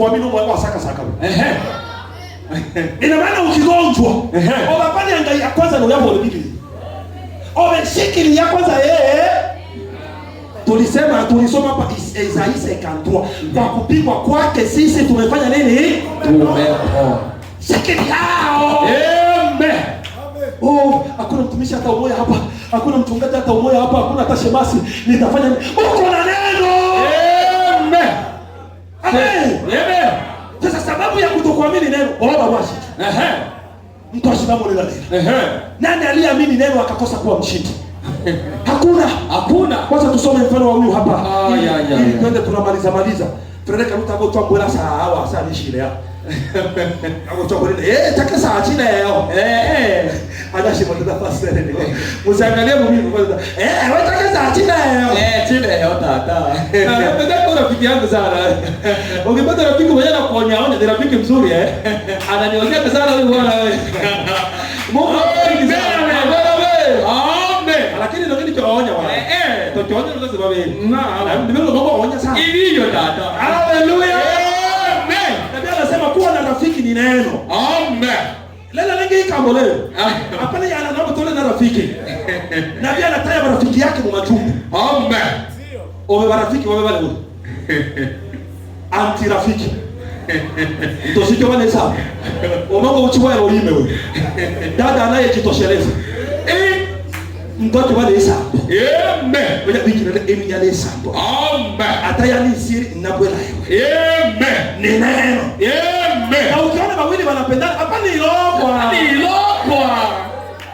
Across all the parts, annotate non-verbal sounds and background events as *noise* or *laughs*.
kuamini Mungu asaka saka. Ehe. Ina maana ukigonjwa, pale angalia kwanza ndio yapo bibi. Biblia. Obeshikili ya kwanza yeye tulisema tulisoma hapa Isaya 53 kwa kupigwa kwake sisi tumefanya nini? Tumepona. Shikili yao. Amen. Oh, hakuna mtumishi hata umoja hapa. Hakuna mchungaji hata umoja hapa. Hakuna hata shemasi. Nitafanya nini? Uko na neno. Sasa sababu ya kutokuamini neno oloba washi mtu ashindamo lela lela. Nani aliyeamini neno akakosa kuwa mshindi? Hakuna, hakuna. Kwanza tusome mfano wa huyu hapa, ili twende tunamaliza maliza sa sa sa ni eh 그러니까 못 하고 좀 뭐라 사와 사니시래요. 하고 저번에 예 잠깐 사치네요. 예 아저씨 먼저 다 eh 무상관에 몸이 무거워. 예왜 잠깐 사치네요. 예 치네요 다다. 맨날 거라 비비한 거 사라. 오기 먼저 라피고 왜 나고 오냐 오냐 내가 rafiki mzuri eh. ana Ananiongea kwa sana wewe bwana wewe. Mungu akubariki sana. Bwana wewe. Amen. Lakini ndio nilichowaonya wana ukiona ndio sababu na ndivyo Mungu anaonya sana. Iliyo dada. Haleluya. Amen. Ndio anasema kuwa na rafiki ni neno. Amen. Lela lengi kambo leo. Hapana yeye anaomba tole na rafiki. Na pia anataya marafiki yake kwa machungu. Amen. Owe marafiki wawe wale wote. Anti rafiki. Toshicho wale sawa. Omongo uchiwa ya ulime wewe. Dada anayejitosheleza mtoto wa lesambo amen oya bikira le eminya lesambo amen ataya ni siri nabwela yewe amen ni neno amen na ukiona wawili wanapendana hapa ni ilokwa ni ilokwa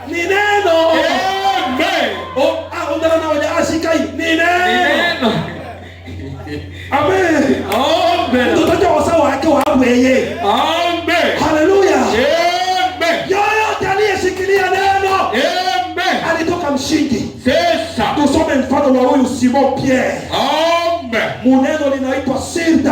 ni neno amen o a ah, ondana na waja ashikai ah, ni neno amen amen mtoto wa sawa wake wa weye mfano wa huyu Simon Pierre. Amen. Muneno linaitwa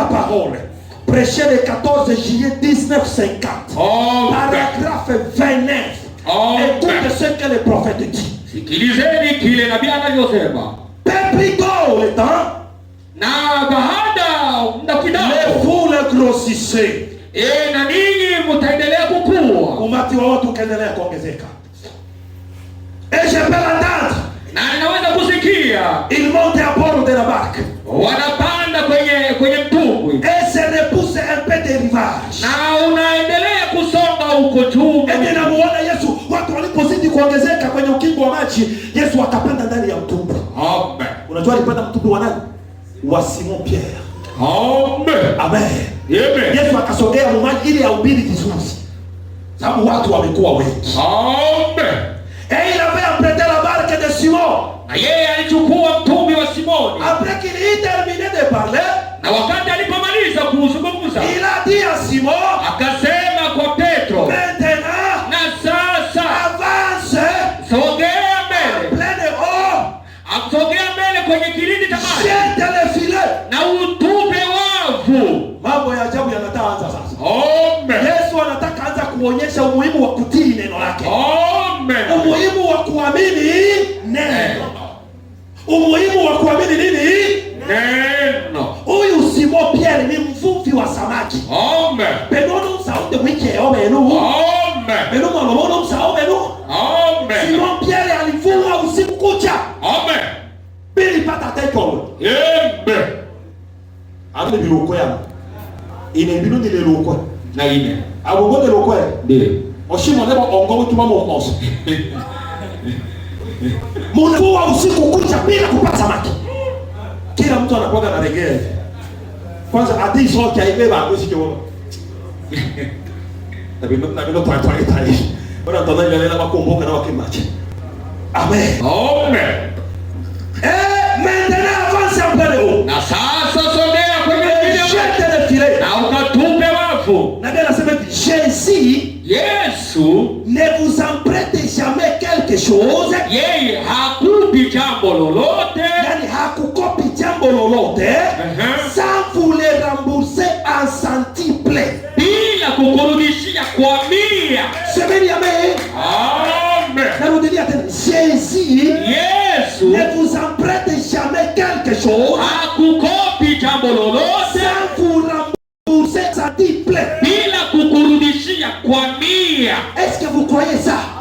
Parole. Prêcher le 14 juillet 1950. Amen. Paragraphe 29. Amen. Écoute ce que le prophète dit. Sikilizeni kile nabii anavyosema. le temps. Na baada kidogo. Le grossissez. E, na ninyi mtaendelea kukua. Umati wa watu ukaendelea kuongezeka. Et je peux l'entendre. Na Haleluya. Il monte a bord de la barque. Wanapanda kwenye kwenye mtumbwi. Et se repousse un peu de rivage. Na unaendelea kusonga huko tu. Ende na muona Yesu watu walipozidi kuongezeka kwenye ukingo wa maji, Yesu akapanda ndani ya mtumbwi. Amen. Unajua alipanda mtumbwi wa nani? Wa Simon Pierre. Amen. Amen. Amen. Yesu akasogea mumaji ili ahubiri vizuri. Sababu watu wamekuwa wengi. Amen. Et il avait emprunté la barque de Simon yeye alichukua mtumi wa Simoni. Après qu'il eut terminé de parler, na wakati alipomaliza kuzungumza, il a dit à Simon, akasema kwa Petro, maintenant, na sasa, avance, sogea mbele, en plein mbele kwenye kilindi cha maji, le filet, na utupe wavu. Mambo ya ajabu yanataanza sasa. Amen. Yesu anataka anza kuonyesha umuhimu wa kutii neno lake, umuhimu wa kuamini neno Umuhimu wa kuamini nini? Neno. Huyu Simon Pierre ni mvuvi wa samaki. Amen. Benono sauti wiki yao menu. Amen. Benono malomono sao menu. Amen. Simon Pierre alivua usiku kucha. Amen. Bili pata teko. Amen. Amini bilokoya. Ine binu ni lelokoya. Na ine. Abogo lelokoya. Ndio. Oshimo lebo ongo tuma mo moso. *laughs* mtua usiku kucha bila kupata samaki. Kila mtu anakuwa na regee kwanza, ati sote haibeba hakusi kiona tabi na bilo twa twa tai bora tana ile ile bakumbuka na wakimache amen amen eh maendelea avance mbele na sasa sondea kwenye eh, video shete le file na ukatupe wafu na bila sema Yesu Yesu ne vous chose yeye hakupi jambo lolote, yani hakukopi jambo lolote uh -huh. sans vous le rembourser en centuple, bila kukurudishia kwa mia. Semeni amen, amen. Narudia tena, Jésus Yesu ne vous emprunte jamais quelque chose, hakukopi jambo lolote, sans vous rembourser centuple, bila kukurudishia kwa mia. Est-ce que vous croyez ça?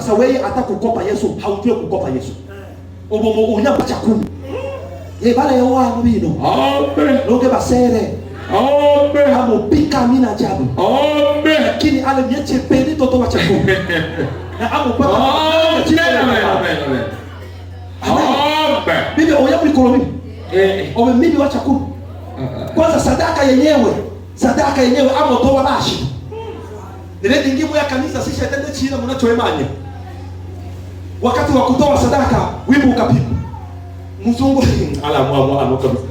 Sasa wewe hata kukopa Yesu haujui kukopa Yesu ubomo unya pacha Ye bale yo wangu bino amen loge basere amen pika mina jabu amen lakini ale myeche peni toto wa kumi *laughs* na amupata amen amen amen bibi oya kuli ikolomi eh, eh ome mimi wa kumi eh, eh, kwanza sadaka yenyewe sadaka yenyewe amotowa bashi hmm. nilete ngimu ya kanisa sisha tende china munachoemanya wakati wa kutoa sadaka wimbo ukapigwa. Mzungu ala mwa mwa kabisa.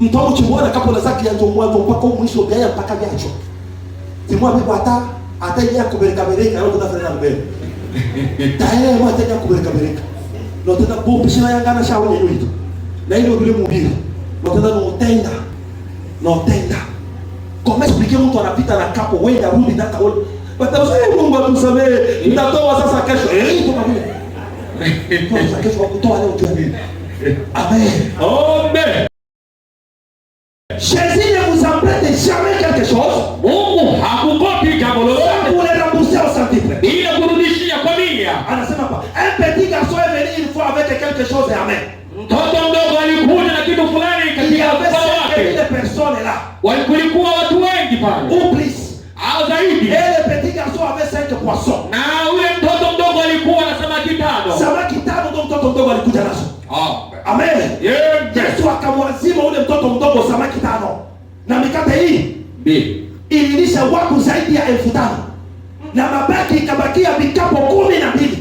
Mtoto chimwana kapo na zaki ya mwanzo mpaka mwisho gaya mpaka vyacho. Simwa bibi hata hata yeye kubereka bereka leo tutafanya na mbele. Taele mwa tena kubereka bereka. Leo tena bobu shina yanga na shauri hiyo hiyo. Na ile ndio mhubiri. Leo tena no tenda. No tenda. Kama explique mtu anapita na kapo wewe rudi na kaona. Bata msaidie Mungu atusamee. Nitatoa sasa kesho. Eh, kwa kesho wakutoa leo tuamini. Amen. Amen. Jésus ne vous emprunte jamais quelque chose. Mungu hakukopi jambo lolote. Mungu anarudishia au centuple. Bila kurudishia kwa mia. Anasema hapa, un petit garçon est venu une fois avec quelque chose. Amen. Mtoto mdogo alikuja na kitu fulani katika mkoa wake. Ile personne là. Walikuwa watu wengi pale. Ou oh, plus. Au zaidi. Et le petit garçon avait cinq poissons. anakuja nazo. Amen. Yesu akamwazima ule mtoto mdogo samaki tano na mikate hii ililisha watu zaidi ya elfu tano na mabaki ikabakia vikapo kumi na mbili.